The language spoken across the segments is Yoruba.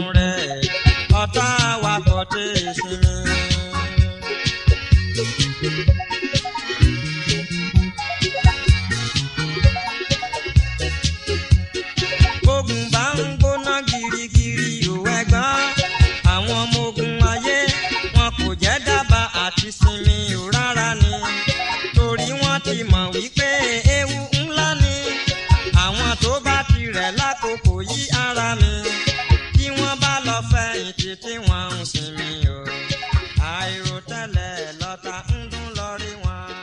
rẹ̀ wa kò dé sinmi. ogun bá ń gbóná girigiri ò ẹgbọ́n àwọn ọmọ ogun ayé wọn kò jẹ́ dábàá níbi tí wọ́n ń sinmi o àìròtẹ́lẹ̀ lọ́tà ń dún lórí wọn.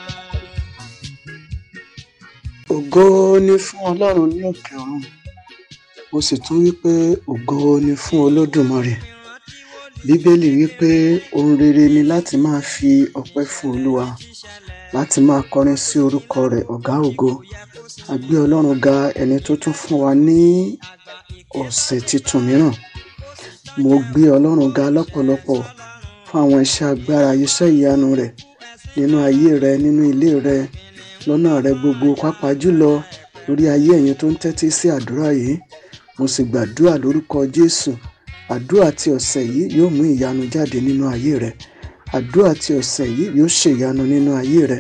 ògo ni fún ọlọ́run ní òkè ọ̀run mo sì tún wí pé ògo ni fún olódùmarè bíbélì wí pé ohun rere ni láti máa fi ọpẹ́ fún olúwa láti máa kọrin sí orúkọ rẹ̀ ọ̀gá ògo a gbé ọlọ́run ga ẹni tó tún fún wa ní ọ̀sẹ̀ tuntun mìíràn mo gbé ọlọ́run ga lọ́pọ̀lọpọ̀ fún àwọn iṣẹ́ agbára iṣẹ́ ìyanu rẹ̀ nínú ayé rẹ nínú ilé rẹ lọ́nà rẹ gbogbo pàápàá jùlọ lórí ayé ẹ̀yin tó ń tẹ́tí sí àdúrà yìí mo sì gbàdúrà lórúkọ Jésù àdúrà ti ọ̀sẹ̀ yìí yóò mú ìyanu jáde nínú ayé rẹ àdúrà ti ọ̀sẹ̀ yìí yóò ṣe ìyanu nínú ayé rẹ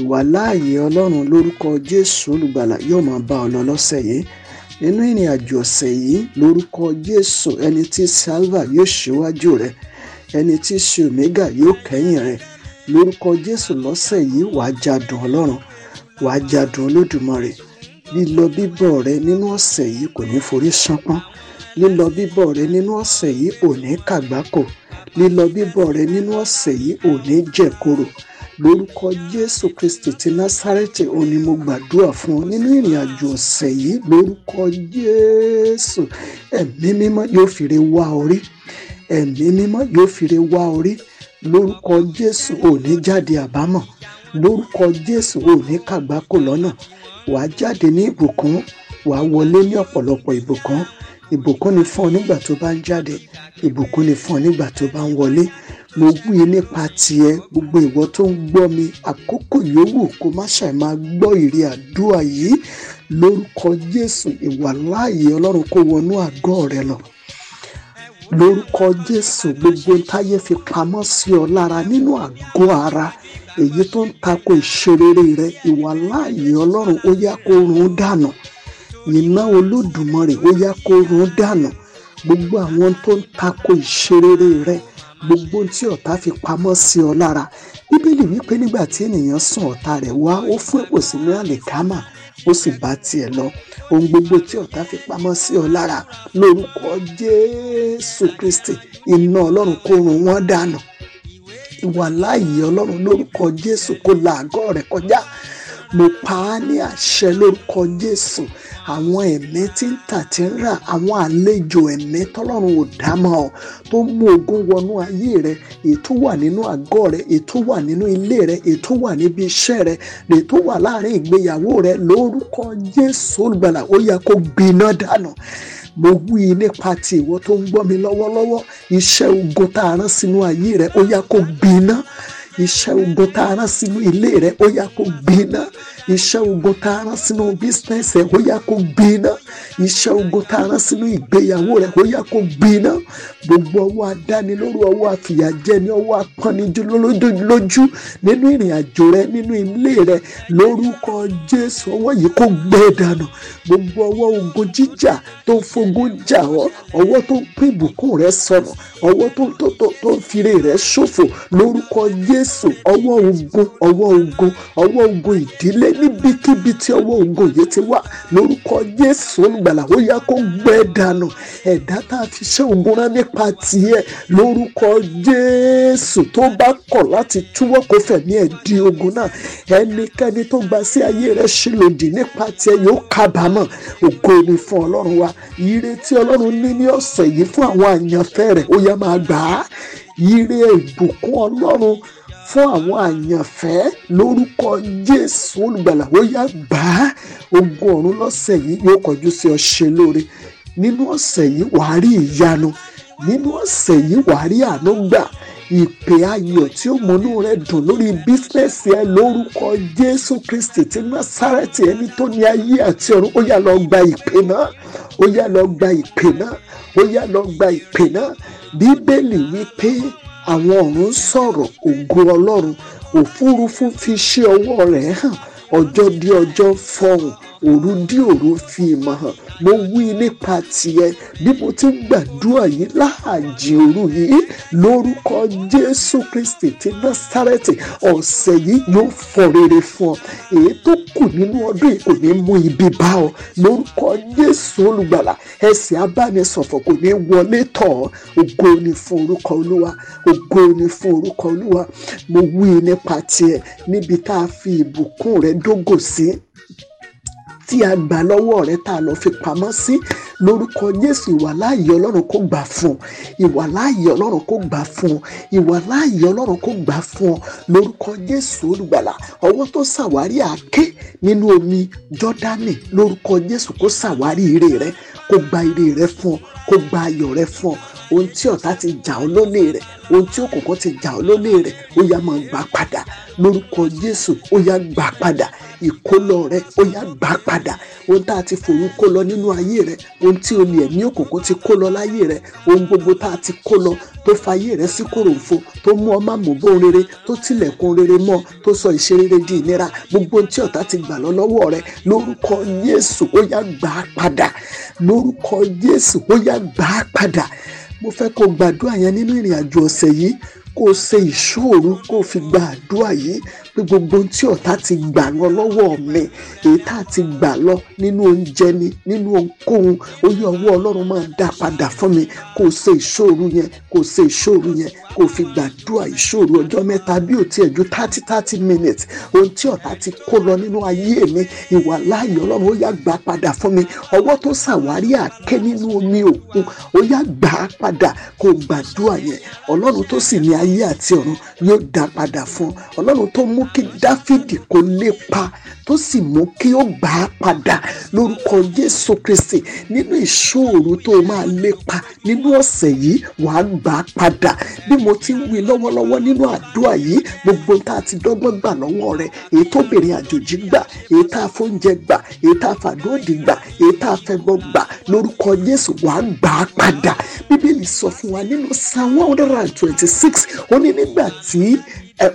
ìwàláàyè ọlọ́run lórúkọ Jésù olùgbàlà yóò máa bá ọ lọ lọ́sẹ̀ yìí nínú ìrìn àjò ọ̀sẹ̀ yìí lórúkọ Jésù ẹni tí salva yóò ṣíwájú rẹ ẹni tí ṣe omega yóò kẹ́yìn rẹ lórúkọ Jésù lọ́sẹ̀ yìí wàá jadùn Ọlọ́run wàá jadùn Olódùmarè lílọ bíbọ̀ rẹ nínú ọ̀sẹ̀ yìí kò ní forí ṣánpọ́n lílọ bíbọ̀ rẹ nínú ọ̀sẹ̀ yìí ò ní kàgbákò lílọ bíbọ̀ rẹ nínú ọ̀sẹ̀ yìí ò ní jẹ̀koro lórúkọ jésù kristi ti násárẹ́tì òun ni mo gbàdúrà fún ọ nínú ìrìn àjò ọ̀sẹ̀ yìí lórúkọ jésù ẹ̀mí mímọ́ yóò fìrè wá orí ẹ̀mí mímọ́ yóò fìrè wá orí lórúkọ jésù òní jáde àbámọ̀ lórúkọ jésù òní kàgbákò lọ́nà wàá jáde ní ìbùkún wàá wọlé ní ọ̀pọ̀lọpọ̀ ìbùkún ìbùkún ni fún ọ nígbà tó bá ń jáde ìbùkún ni fún ọ nígbà tó bá ń wọlé mo wí nípa tiẹ̀ gbogbo ìwọ tó ń gbọ́ mi àkókò yòówù kó má ṣàì máa gbọ́ ìrì àdúrà yìí lórúkọ Jésù ìwàláàyè Ọlọ́run kó wọnú àgọ́ rẹ lọ lórúkọ Jésù gbogbo táyé fi pamọ́ sí ọ lára nínú àgọ́ ara èyí tó ń tako ìṣerere rẹ ìwàláàyè Ọlọ́run ó yá kó run dànù iná Olódùmarè ó yá kó run dànù gbogbo àwọn tó ń tako ìṣerere rẹ gbogbo tí ọ̀tá fi pamọ́ sí ọ lára bíbélì wípé nígbà tí ènìyàn sùn ọ̀tá rẹ̀ wá ó fún èpò sínú àlìkámà ó sì bá tiẹ̀ lọ ohun gbogbo tí ọ̀tá fi pamọ́ sí ọ lára lórúkọ jésù kristi iná ọlọ́run kó run wọ́n dànù ìwà láàyè ọlọ́run lórúkọ jésù kó la àgọ́ kọjá mo pa á ní àṣẹ lórúkọ Jésù àwọn ẹ̀mí tí ń tà tí ń rà àwọn àlejò ẹ̀mí tọ́lọ́run ò dá mọ́ ọ tó mú ogun wọnú ayé rẹ ètò wà nínú àgọ́ rẹ ètò wà nínú ilé rẹ ètò wà níbi iṣẹ́ rẹ ètò wà láàrin ìgbéyàwó rẹ lórúkọ Jésù olùgbàlà ó yẹ kó gbiná dànù mo wí nípa ti ìwọ tó ń gbọ́ mi lọ́wọ́lọ́wọ́ iṣẹ́ ogun tá a rán sínú ayé rẹ ó yẹ kó gbiná iṣẹ́ ogun tá a rán sínú ilé rẹ ó yá kó gbiná iṣẹ́ ogun tá a rán sínú bísínẹ́sì rẹ ó yá kó gbiná iṣẹ́ ogun tá a rán sínú ìgbéyàwó rẹ ó yá kó gbiná gbogbo ọwọ́ adánilóró ọwọ́ àfìyàjẹni ọwọ́ apọ́nijú lójú nínú ìrìn àjò rẹ nínú ilé rẹ lórúkọ Jésù ọwọ́ yìí kó gbẹ dànù gbogbo ọwọ́ ogun jíjà tó ń fogun jà ọ́ ọwọ́ tó ń pín ìbùkún rẹ sọnù ọwọ́ tó ń fi jésù ọwọ́ ogun ọwọ́ ogun ọwọ́ ogun ìdílé níbikíbi tí ọwọ́ ogun yìí ti wá lórúkọ jésù olùgbàlà ó yá kó gbẹ e dànù ẹ̀dá tá a fi ṣe ogun rán nípa tiẹ̀ lórúkọ jésù tó bá kọ̀ láti túwọ́ kó fẹ̀mí ẹ̀ di ogun náà ẹnikẹ́ni tó gba sí ayé rẹ̀ ṣe lòdì nípa tiẹ̀ yóò kábàámọ̀ ògo ni fún ọlọ́run wa ire ọlọ́run ní ní ọ̀sẹ̀ yìí fún àwọn àyànfẹ́ rẹ̀ ó yá máa gbà á ire ìbùkún ọlọ́run fún àwọn àyànfẹ́ lórúkọ Jésù olùgbàlà ó yá bá ogun ọ̀run lọ́sẹ̀ yìí yóò kọjú sí ọ ṣe lóore nínú ọ̀sẹ̀ yìí wàá rí ìyanu nínú ọ̀sẹ̀ yìí wàá rí àánú gbà ìpè ayọ̀ tí ó múnú rẹ dùn lórí bísínẹ́sì ẹ lórúkọ Jésù Kristi ti Násárẹ́tì ẹni tó ní ayé àti ọ̀run ó yá lọ gba ìpè náà ó yá lọ gba ìpè náà ó yá lọ gba ìpè náà Bíbélì wí pé àwọn ọ̀run sọ̀rọ̀ ògo ọlọ́run òfúrufú fi ṣe ọwọ́ rẹ̀ hàn ọjọ́ di ọjọ́ fọhùn òru dí òru fi ìmọ̀ hàn mo wí nípa tiẹ̀ bí mo ti ń gbàdúrà yìí láàjì òru yìí lórúkọ Jésù Kristi ti Násárẹ́tì ọ̀sẹ̀ yìí yóò fọ rere fún ọ èyí tó kù nínú ọdún yìí kò ní mú ibi bá ọ lórúkọ Jésù olùgbàlà ẹsẹ̀ abánisọ̀fọ̀ kò ní wọlé tọ̀ ọ́ ògo ni fún orúkọ Olúwa ògo ni fún orúkọ Olúwa mo wí nípa tiẹ̀ níbi tá a fi ìbùkún rẹ dógò sí tí a gbà lọ́wọ́ rẹ tá a lọ fi pamọ́ sí lórúkọ Jésù ìwàláàyè Ọlọ́run kó gbà fún ọ ìwàláàyè Ọlọ́run kó gbà fún ọ ìwàláàyè Ọlọ́run kó gbà fún ọ lórúkọ Jésù olùgbàlà ọwọ́ tó ṣàwárí àáké nínú omi Jọ́dánì lórúkọ Jésù kó ṣàwárí ire rẹ kó gba ire rẹ fún ọ kó gba ayọ̀ rẹ fún ọ ohun tí ọ̀tá ti jà ọ́ lólè rẹ̀ ohun tí òkùnkùn ti jà ọ́ lólè rẹ̀ ó yá máa gbà padà lórúkọ Jésù ó yá gbà padà ìkólọ rẹ ó yá gbà padà ohun tá a ti fòrú kó lọ nínú ayé rẹ ohun tí omi ẹ̀mí òkùnkùn ti kó lọ láyé rẹ ohun gbogbo tá a ti kó lọ tó fa ayé rẹ sí kòròǹfo tó mú ọ má mú bó rere tó tilẹ̀kùn rere mọ́ tó sọ ìṣerere di ìnira gbogbo ohun tí ọ̀tá ti gbà lọ lọ́wọ́ rẹ lórúkọ Jésù ó yá gbà padà lórúkọ Jésù ó yá gbà padà mo fẹ́ kó gbàdúrà yẹn nínú ìrìn àjò ọ̀sẹ̀ yìí kó o ṣe ìṣòro kó o fi gba àdúrà yìí pé gbogbo tí ọ̀tá ti gbà lọ lọ́wọ́ mi èyí tá a ti gbà lọ nínú oúnjẹ ni nínú ohunkóhun oyè ọwọ́ ọlọ́run máa dá padà fún mi kó o ṣe ìṣòro yẹn kó o ṣe ìṣòro yẹn kó o fi gbàdúrà ìṣòro ọjọ́ mẹ́ta bí ò tiẹ̀ ju thirty thirty minutes ohun tí ọ̀tá ti kó lọ nínú ayé mi ìwà láàyè ọlọ́run ó yá gbà padà fún mi ọwọ́ tó ṣàwárí àkẹ́ nínú omi òkun ó yá gbà padà ayé àti ọ̀run yóò dá padà fún ọ ọlọ́run tó mú kí dáfídì kó lépa tó sì mú kí ó gbà á padà lórúkọ jésù kristi nínú ìṣòro tó máa lépa nínú ọ̀sẹ̀ yìí wàá gbà á padà bí mo ti wí lọ́wọ́lọ́wọ́ nínú àdúrà yìí gbogbo tá ti dọ́gbọ́n gbà lọ́wọ́ rẹ èyí tó bèrè àjòjì gbà èyí tá a fóúnjẹ gbà èyí tá a fàdóòdì gbà èyí tá a fẹ́gbọ́n gbà lórúkọ jésù wàá gbà á padà bíbélì sọ fún wa nínú psalm one hundred and twenty six ó ní nígbà tí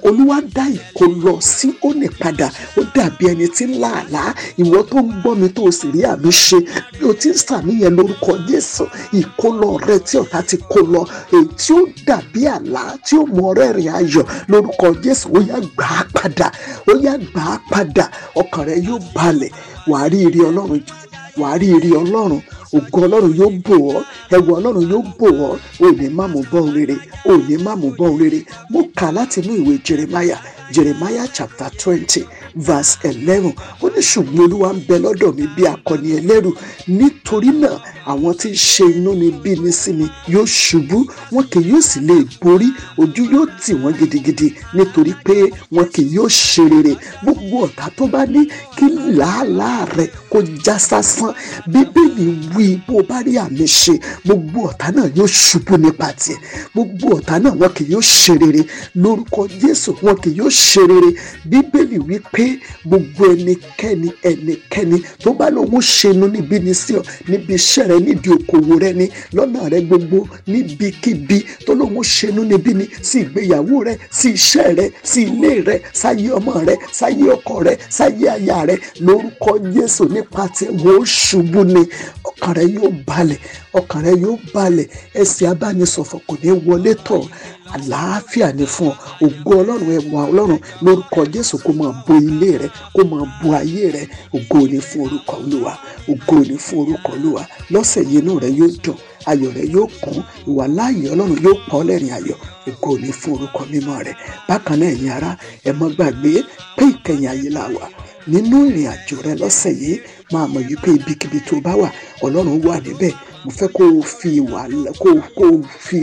olúwa dá ìkólọ sí òní padà ó dàbí ẹni tí ń làálàá ìwọ tó ń gbọ́ mi tó o sì rí àmì ṣe bí o ti ń sàmì yẹn lórúkọ Jésù ìkólọ rẹ tí ọ̀tá ti kó lọ èyí tí ó dàbí àlá tí ó mọ ọ̀rẹ́ rìn ayọ̀ lórúkọ Jésù ó yá gbà á padà ó yá gbà á padà ọkàn rẹ yóò balẹ̀ wàá rí ire ọlọ́run jù wàá rí ire ọlọ́run ògo ọlọ́run yóò bò ọ́ ẹwà ọlọ́run yóò bò ọ́ ò ní bọ́ rere ò ní bọ́ rere mo kà látinú ìwé Jeremiah Jeremiah chapter twenty verse eleven ó ní ṣùgbọ́n olúwa ń bẹ lọ́dọ̀ mi bí akọni ẹlẹ́rù nítorí náà àwọn tí ń ṣe inú mi bí ní sí mi yóò ṣubú wọn kì yóò sì lè borí ojú yóò tì wọ́n gidigidi nítorí pé wọn kì yóò ṣe rere gbogbo ọ̀tá tó bá ní kí làálàá rẹ kó já sásán bíbélì wí bó bá rí àmì ṣe gbogbo ọ̀tá náà yóò ṣubú nípa tiẹ̀ gbogbo ọ̀tá náà wọn kì yóò ṣe rere lórúkọ Jésù wọn kì yóò ṣe rere bíbélì wí pé pé gbogbo ẹnikẹ́ni ẹnikẹ́ni tó bá lóun ṣẹnu níbi ní sí ọ níbi iṣẹ́ rẹ nídìí okòwò rẹ ni lọ́nà rẹ gbogbo níbikíbi tó lóun ṣẹnu níbi ní sí ìgbéyàwó rẹ sí iṣẹ́ rẹ sí ilé rẹ sáyé ọmọ rẹ sáyé ọkọ rẹ sáyé aya rẹ lórúkọ Jésù nípa tí wọ́n ṣubú ni ọkàn rẹ yóò balẹ̀ ọkàn rẹ yóò balẹ̀ ẹsẹ̀ abánisọ̀fọ̀ kò ní wọlé tọ̀ àlàáfíà ni fún ọ ògo ọlọ́run ẹwà ọlọ́run lórúkọ jésù kó máa bo ilé rẹ kó máa bo ayé rẹ ògo ni fún orúkọ olúwa ògo ni fún orúkọ olúwa lọ́sẹ̀ yìí inú rẹ yóò dùn ayọ̀ rẹ yóò kún ìwà láàyè ọlọ́run yóò pọ̀ lẹ́rìn ayọ̀ ògo ni fún orúkọ mímọ́ rẹ bákan náà ẹ̀yin ará ẹ má gbàgbé pé ìkẹyìn ayé la wà nínú ìrìn àjò rẹ lọ́sẹ̀ yìí máa mọ̀ wípé ibikíbi tó bá wà ọlọ́run wà níbẹ̀ mo fẹ́ kó o fi ìwà kó o fi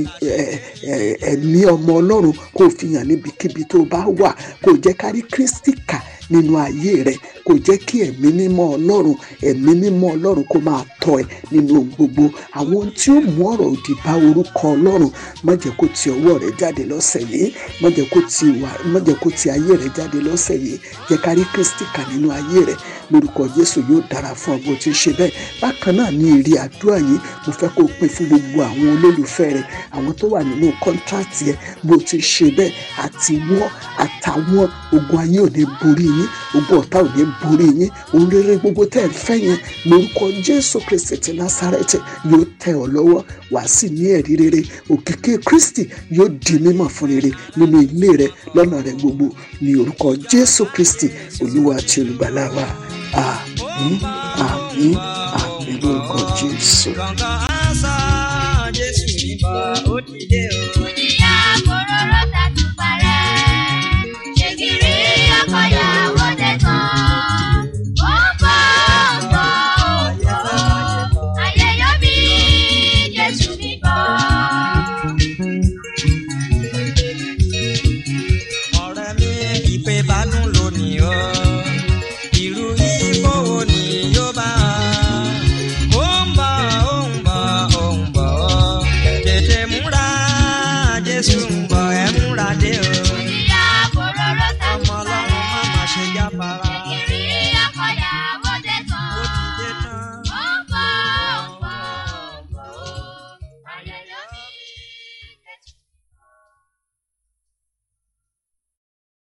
ẹ̀mí ọmọ ọlọ́run kó o fi hàn níbikíbi tó bá wà kó o jẹ́ kárí Kristi kà nínú ayé rẹ kò jẹ́ kí ẹ̀mí mímọ́ ọlọ́run ẹ̀mí mímọ́ ọlọ́run kó máa tọ́ ẹ nínú gbogbo àwọn ohun tí ó mú ọ̀rọ̀ òdì bá orúkọ ọlọ́run má kó ti ọwọ́ rẹ jáde lọ́sẹ̀ yìí má kó ti ayé rẹ jáde lọ́sẹ̀ yìí jẹ́ ká Kristi kà nínú ayé rẹ lórúkọ Jésù yóò dára fún ọ bó ti ṣe bẹ́ẹ̀ bákan náà ní èrè àdúrà yìí mo fẹ́ kó o pín fún gbogbo àwọn olólùfẹ́ rẹ àwọn tó wà nínú kọ́ńtráàtì ẹ bó ti ṣe bẹ́ẹ̀ àti wọ́n àtàwọn ogun ayé ò ní borí yín ogun ọ̀tá ò ní borí yín ohun gbogbo tẹ́ ẹ fẹ́ yẹn lórúkọ Jésù Kristi ti Násárẹ́tì yóò tẹ̀ ọ́ lọ́wọ́ wàá sì ní ẹ̀rí rere òkìkí Kristi yóò di mímọ̀ fún rere nínú ilé rẹ lọ́nà rẹ gbogbo ní orúkọ Jésù Kristi Olúwa àti Olùgbàlà wa. Àmín, àmín, àmín lórúkọ Jésù. Kọ̀ǹkọ̀ á sá Jésù nípa ó ti